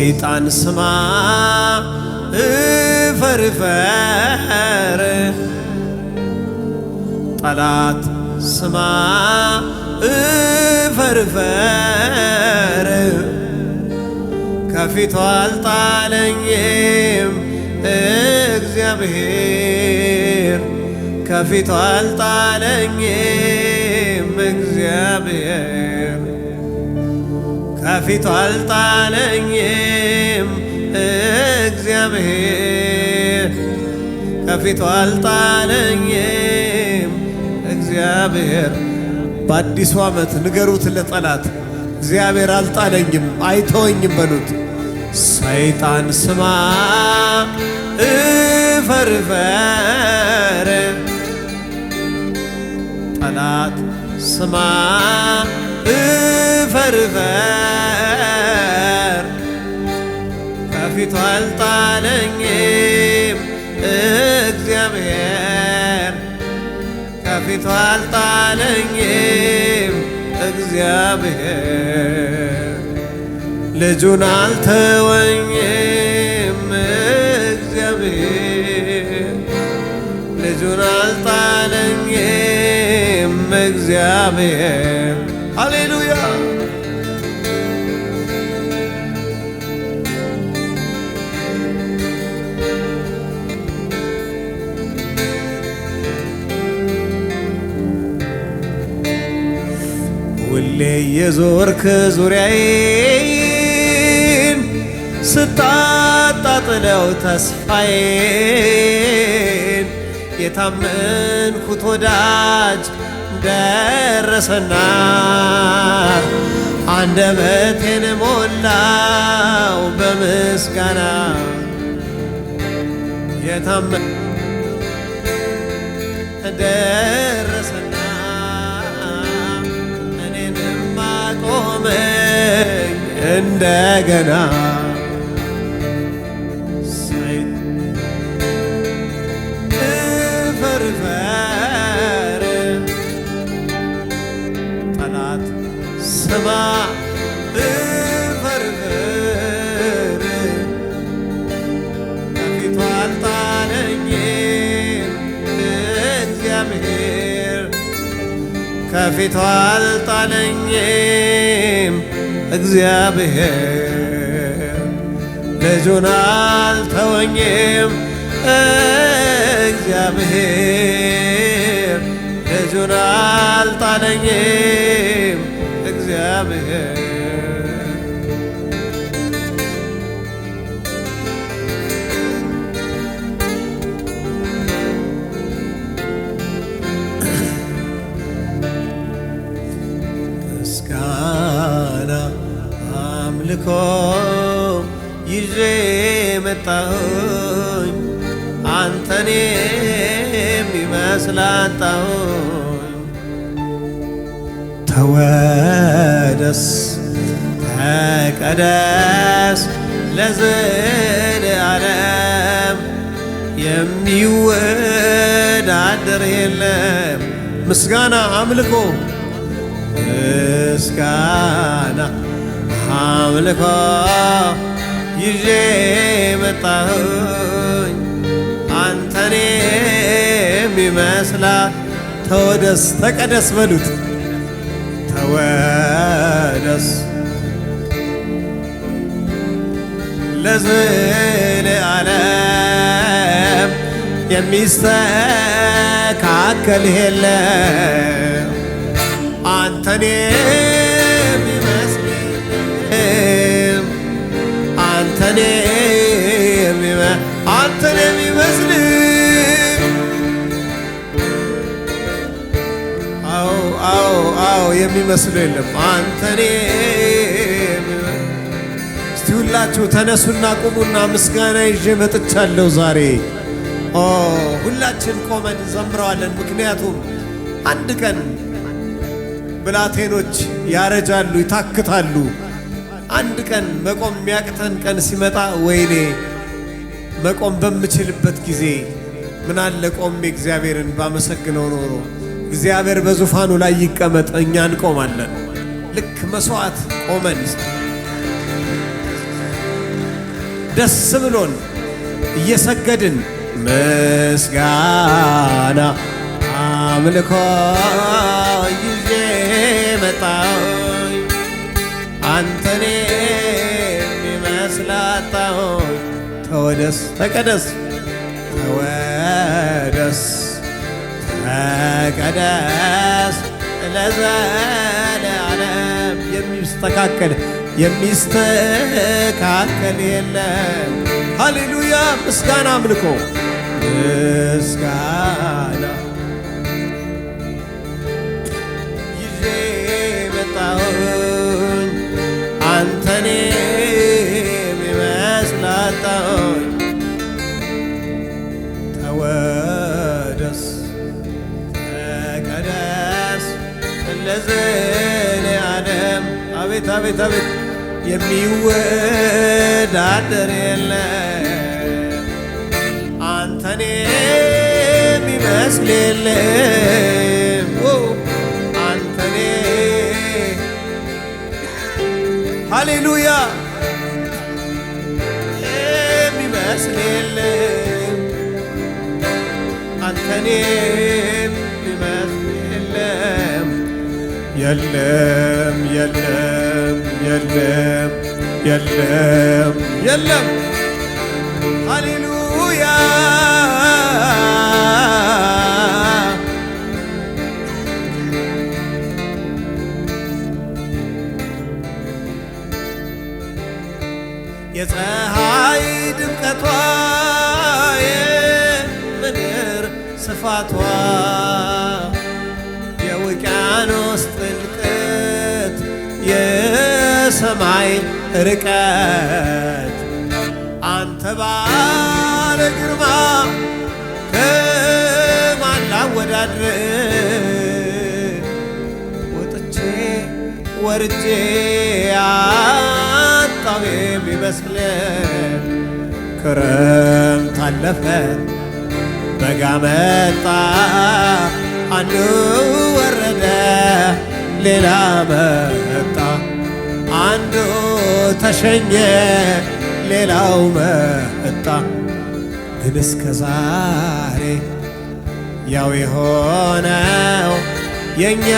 ሰይጣን ስማ እፈርፈር፣ ጠላት ስማ እፈርፈር፣ ከፊቱ አልጣለኝም እግዚአብሔር፣ ከፊቱ አልጣለኝም እግዚአብሔር ከፊቱ አልጣለኝም እግዚአብሔር ከፊቱ አልጣለኝም እግዚአብሔር። በአዲሱ ዓመት ንገሩት ለጠላት እግዚአብሔር አልጣለኝም አይተወኝም በሉት። ሰይጣን ስማ እፈርፈር ጠላት ስማ ብፈርፈር ከፊቱ አልጣለኝም እግዚአብሔር ከፊቱ አልጣለኝም እግዚአብሔር ልጁን አልተወኝም እግዚአብሔር ልጁን አልጣለኝም እግዚአብሔር Alléluia. ሁሌ የዞርክ ዙሪያዬን ስታጣጥለው ተስፋዬን የታመንኩት ወዳጅ ደረሰና አንደበቴን ሞላው በምስጋና የታመ ደረሰና እኔንም አቆመኝ እንደገና ከፊቱ አልጣለኝም እግዚአብሔር ልጁን አልተወኝም እግዚአብሔር ልጁን አልጣለኝም እግዚአብሔር ተልኮ ይዤ መጣሁኝ አንተን የሚመስል አጣሁኝ። ተወደስ ተቀደስ ለዘለዓለም የሚወዳደር የለም ምስጋና አምልኮ ምስጋና አምልኮ ይዤ መጣሁኝ አንተን የሚመስላ ተወደስ ተቀደስ በሉት ተወደስ ለዝል ለዘለዓለም የሚስተካከል የለም አንተኔ አንተን አንተን የሚመስል አዎ አዎ አዎ የሚመስሉ የለም አንተን እስቲ ሁላችሁ ተነሱና ቁሙና ምስጋና ይዤ መጥቻለሁ ዛሬ ሁላችን ቆመን ዘምረዋለን። ምክንያቱም አንድ ቀን ብላቴኖች ያረጃሉ፣ ይታክታሉ። አንድ ቀን መቆም የሚያቅተን ቀን ሲመጣ ወይኔ መቆም በምችልበት ጊዜ ምናለ ቆሜ እግዚአብሔርን ባመሰግነው ኖሮ። እግዚአብሔር በዙፋኑ ላይ ይቀመጥ፣ እኛ እንቆማለን። ልክ መስዋዕት ቆመን ደስ ብሎን እየሰገድን ምስጋና አምልኮ ይዤ መጣ አንተኔ ተቀደስ ተቀደስ ተወደስ ተቀደስ ለዘለዓለም የሚስተካከል የሚስተካከል የለም። ሃሌሉያ ምስጋና አምልኮ ምስጋና ይዤ አንተኔ ሚመስላጣሁ አቤት አቤት የሚወዳደር የለ አንተን የሚመስል የለ አንተን ሃሌሉያ የሚመስል የለ አንተኔ يلام يلام يلام يلام يلام هللويا يا ثهاي دمقتوا يا منير صفاتوا يا وكانوا ሰማይ ርቀት አንተ ባለ ግርማ ከማን ላወዳድር ወጥቼ ወርጄ አጣው የሚመስለን ክረምት አለፈ በጋ መጣ አንዱ ወረደ ሌላ መጣ አንዱ ተሸኘ ሌላው መጣ፣ ግን እስከ ዛሬ ያው የሆነው የእኛ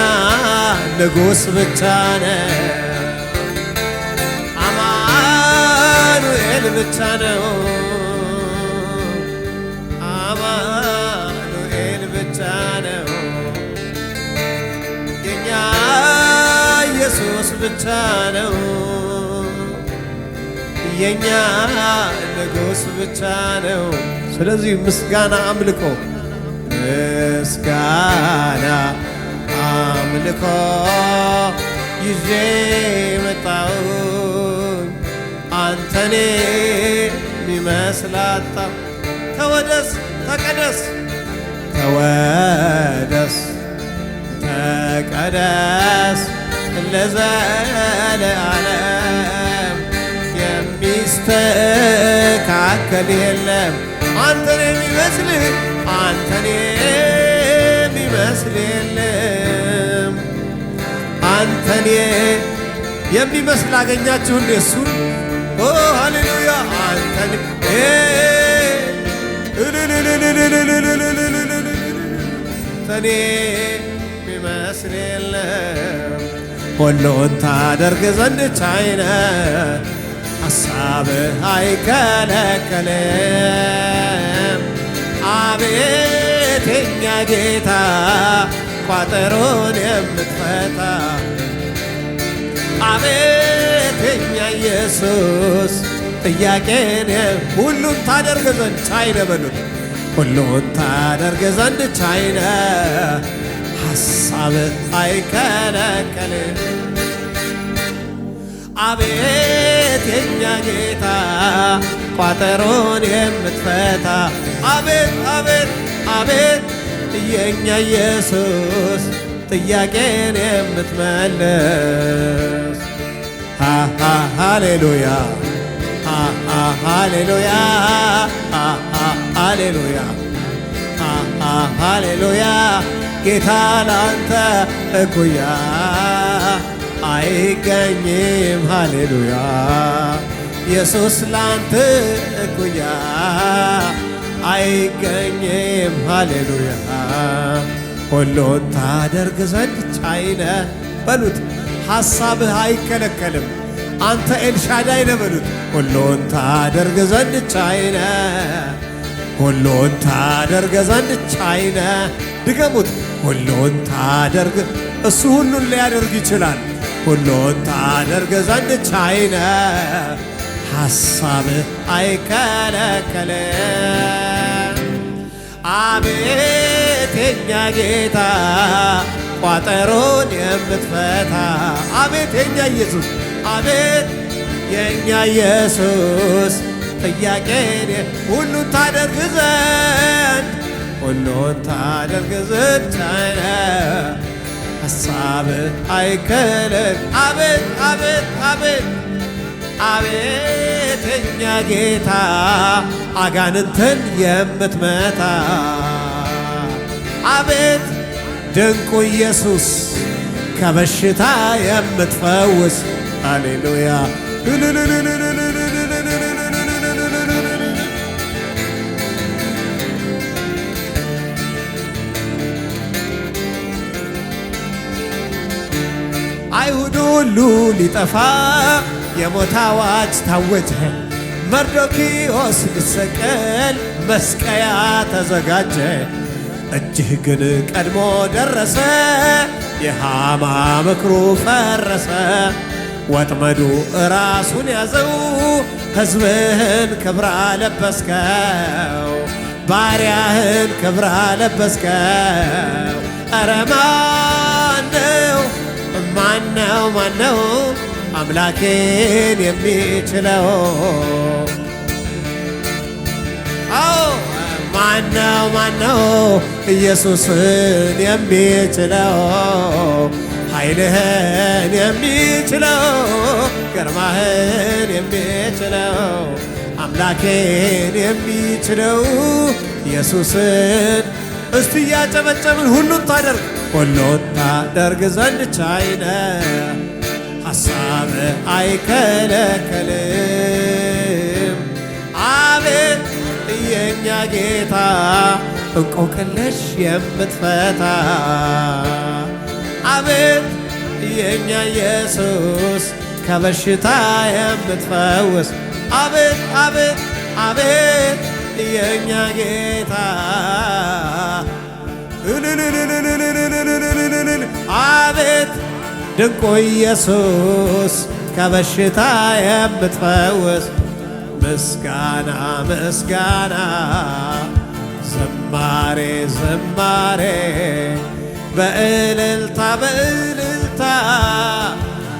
ንጉሥ ብቻ ነው። አማኑኤል ብቻ ነው። ብቻ ነው የኛ ንጉስ ብቻ ነው። ስለዚህ ምስጋና አምልኮ ምስጋና አምልኮ ይዤ መጣሁኝ አንተኔ ሚመስላጣ ተወደስ ተቀደስ ተወደስ ተቀደስ ለዘለዓለም የሚስተካከል የለም። አንተን የሚመስል አንተን የሚመስል የለም። አንተን የሚመስል አገኛችሁ እንዴ እሱን? ኦ ሃሌሉያ! አንተን ተኔ የሚመስል የለም ሁሉን ታደርግ ዘንድ ቻይ ነህ፣ ሐሳብህ አይከለከልም። አቤት የኛ ጌታ ቋጠሮን የምትፈታ አቤት የኛ ኢየሱስ ጥያቄን ሁሉን ታደርግ ዘንድ ቻይ ነህ በሉት ሁሉን ታደርግ ዘንድ ቻይ ነህ ሐሳብ አይከለከል አቤት የኛ ጌታ ቋጠሮን የምትፈታ አቤት አቤት አቤት የኛ ኢየሱስ ጥያቄን የምትመልስ ሃሌሉያ ሃሌሉያ ሃሌሉያ ሃሌሉያ ጌታ ላንተ እኩያ አይገኝም። ሃሌሉያ ኢየሱስ ላንተ እኩያ አይገኝም። ሃሌሉያ ሁሉን ታደርግ ዘንድ ቻይነ በሉት። ሐሳብህ አይከለከልም። አንተ ኤልሻዳይ ነህ ሁሉን ታደርግ ዘንድ ቻይነ ሁሉን ታደርገ ዘንድ ቻይ ነህ። ድገሙት። ሁሉን ታደርግ እሱ ሁሉን ሊያደርግ ይችላል። ሁሉን ታደርገ ዘንድ ቻይ ነህ። ሐሳብህ አይከለከልም። አቤት የኛ ጌታ ቋጠሮን የምትፈታ አቤት የኛ ኢየሱስ አቤት የኛ ኢየሱስ ጥያቄን ሁሉን ታደርግ ዘንድ ሁሉን ታደርግ ዘንድ ሀሳብ አይከለል አቤት አቤት አቤት አቤት የኛ ጌታ አጋንንትን የምትመታ አቤት ድንቁ ኢየሱስ ከበሽታ የምትፈውስ አሌሉያ። አይሁድ ሁሉ ሊጠፋ የሞት አዋጅ ታወጀ። መርዶኪዎስ ሊሰቀል መስቀያ ተዘጋጀ። እጅህ ግን ቀድሞ ደረሰ፣ የሃማ ምክሩ ፈረሰ። ወጥመዱ ራሱን ያዘው፣ ሕዝብህን ክብራ ለበስከው፣ ባሪያህን ክብራ ለበስከው። አረማን ማነው ነው አምላክን የሚችለው? አዎ ማን ነው ኢየሱስን የሚችለው? ኃይልህን የሚችለው ግርማህን የሚችለው አምላኬን የሚችለው ኢየሱስን እስቲ እያጨበጨብን ሁሉን ታደርግ ሁሉ ታደርግ ዘንድ ቻይ ነህ፣ ሐሳብህ አይከለከልም። አቤት የእኛ ጌታ እንቆቅልሽ የምትፈታ አቤት የእኛ ኢየሱስ ከበሽታ የምትፈውስ አቤት አቤት አቤት የእኛ ጌታ አቤት ድንቁ ኢየሱስ ከበሽታ የምትፈውስ ምስጋና ምስጋና ዝማሬ ዝማሬ በእልልታ በእልልታ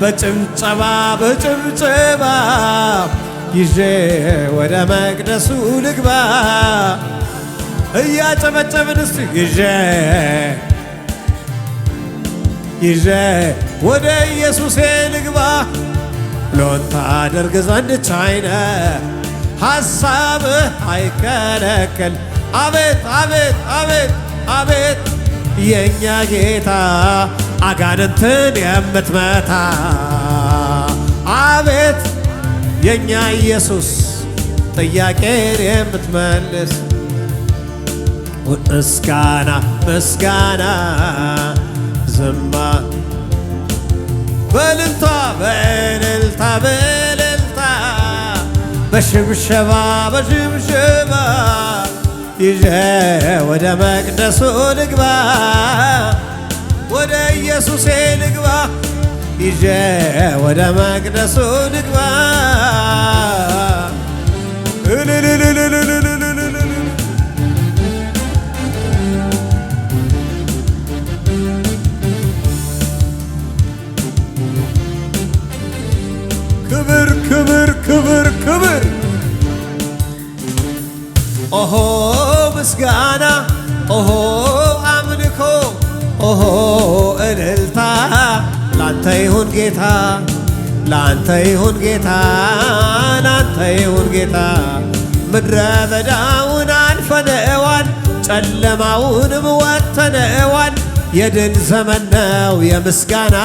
በጭብጨባ በጭብጨባ ይዤ ወደ መቅደሱ ልግባ እያጨበጨብን እስቲ ይዤ ይዤ ወደ ኢየሱሴ ልግባ ሎን ታደርግ ዘንድ ቻይነ ሐሳብህ አይከለከል። አቤት አቤት አቤት አቤት የእኛ ጌታ አጋንንትን የምትመታ አቤት የእኛ ኢየሱስ ጥያቄን የምትመልስ ምስጋና ምስጋና ዝማ በልልታ በእልልታ በእልልታ በሽብሸባ በሽብሸባ ይዤ ወደ መቅደሱ ልግባ ወደ ኢየሱሴ ልግባ ይዤ ወደ መቅደሱ ልግባ ክብር ክብር ክብር ኦሆ ምስጋና ኦሆ አምልኮ ኦሆ እልልታ ላንተ ይሁን ጌታ ላንተ ይሁን ጌታ ላንተ ይሁን ጌታ ምድረ በዳውን አልፈነዋል ጨለማውንም ወጥተነዋል የድል ዘመን ነው የምስጋና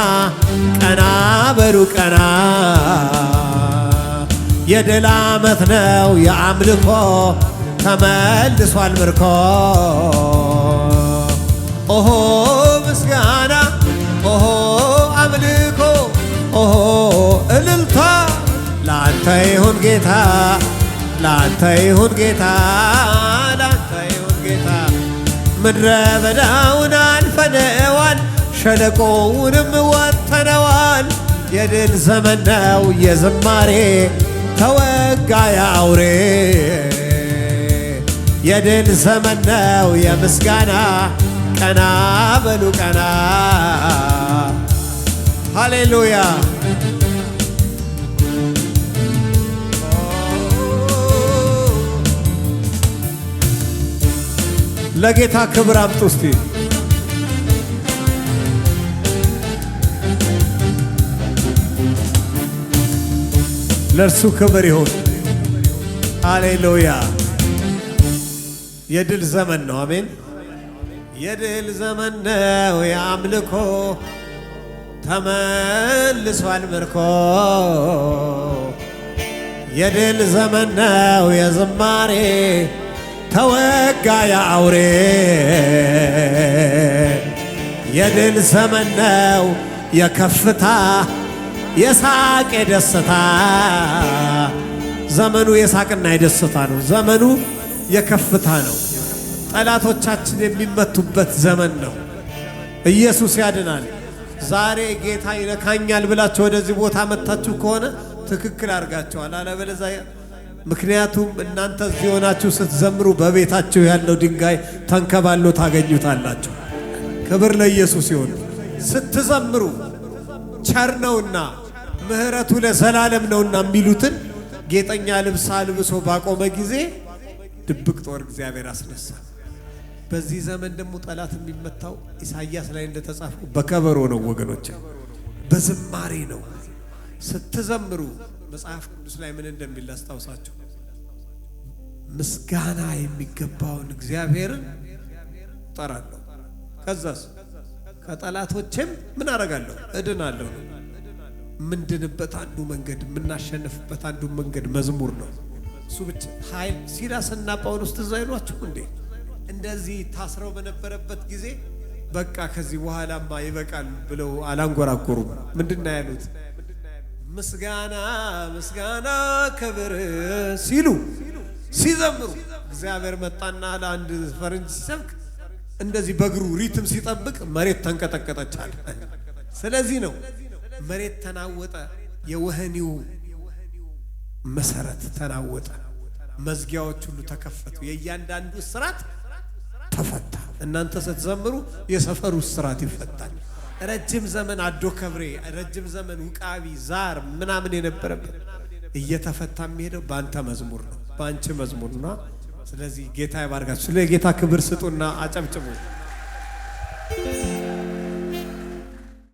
ቀና በሩ ቀና የድል ዓመት ነው የአምልኮ ተመልሷል ምርኮ ኦሆ ምስጋና ኦሆ አምልኮ ኦሆ እልልታ ላንተ ይሁን ጌታ ላንተ ይሁን ጌታ ለአንተ ይሁን ጌታ ምድረ በዳውን አልፈነዋል ሸለቆውንም ወጥተነዋል የድል ዘመን ነው የዝማሬ ተወጋ አውሬ የድል ዘመን ነው የምስጋና ቀና በሉ ቀና ሃሌሉያ ለጌታ ክብር አምጡ እስቲ ለእርሱ ክብር ይሁን። አሌሉያ። የድል ዘመን ነው። አሜን። የድል ዘመን ነው። የአምልኮ ተመልሷል ምርኮ። የድል ዘመን ነው። የዝማሬ ተወጋ የአውሬ የድል ዘመን ነው። የከፍታ የሳቅ የደስታ ዘመኑ የሳቅና የደስታ ነው። ዘመኑ የከፍታ ነው። ጠላቶቻችን የሚመቱበት ዘመን ነው። ኢየሱስ ያድናል። ዛሬ ጌታ ይነካኛል ብላችሁ ወደዚህ ቦታ መታችሁ ከሆነ ትክክል አድርጋችኋል። አለበለዚያ ምክንያቱም እናንተ እዚህ ሆናችሁ ስትዘምሩ በቤታችሁ ያለው ድንጋይ ተንከባሎ ታገኙታላችሁ። ክብር ለኢየሱስ ይሁን። ስትዘምሩ ቸር ነውና ምሕረቱ ለዘላለም ነውና የሚሉትን ጌጠኛ ልብስ አልብሶ ባቆመ ጊዜ ድብቅ ጦር እግዚአብሔር አስነሳ። በዚህ ዘመን ደግሞ ጠላት የሚመታው ኢሳያስ ላይ እንደተጻፈው በከበሮ ነው ወገኖች፣ በዝማሬ ነው። ስትዘምሩ መጽሐፍ ቅዱስ ላይ ምን እንደሚል አስታውሳችሁ። ምስጋና የሚገባውን እግዚአብሔርን ጠራለሁ፣ ከዛስ ከጠላቶቼም ምን አደርጋለሁ? እድናለሁ ነው ምንድንበት አንዱ መንገድ የምናሸንፍበት አንዱ መንገድ መዝሙር ነው። እሱ ብቻ ኃይል ሲላስና ጳውሎስ ትዝ አይሏችሁ እንዴ? እንደዚህ ታስረው በነበረበት ጊዜ በቃ ከዚህ በኋላማ ይበቃል ብለው አላንጎራጎሩም። ምንድና ያሉት? ምስጋና ምስጋና ክብር ሲሉ ሲዘምሩ እግዚአብሔር መጣና ለአንድ ፈረንጅ ሲሰብክ እንደዚህ በእግሩ ሪትም ሲጠብቅ መሬት ተንቀጠቀጠቻል። ስለዚህ ነው መሬት ተናወጠ፣ የወህኒው መሰረት ተናወጠ፣ መዝጊያዎች ሁሉ ተከፈቱ፣ የእያንዳንዱ እስራት ተፈታ። እናንተ ስትዘምሩ የሰፈሩ እስራት ይፈታል። ረጅም ዘመን አዶ ከብሬ ረጅም ዘመን ውቃቢ ዛር ምናምን የነበረበት እየተፈታ የሚሄደው በአንተ መዝሙር ነው፣ በአንቺ መዝሙር ነው። ስለዚህ ጌታ ይባርካችሁ። ስለ ጌታ ክብር ስጡና አጨብጭቡ።